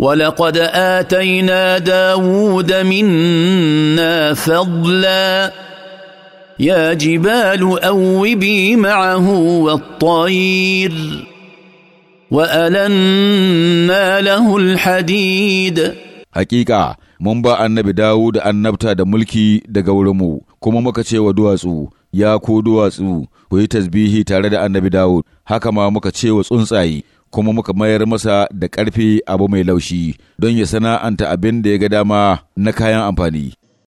ولقد اتينا داود منا فضلا يا جبال اوبي معه والطير والنا له الحديد حقيقه mun ba annabi dawo da annabta da mulki daga wurinmu kuma muka ce wa duwatsu ya ko duwatsu ku yi tasbihi tare da annabi dawo haka ma muka ce wa tsuntsaye kuma muka mayar masa da ƙarfi abu mai laushi don ya sana'anta abin da ya ga dama na kayan amfani.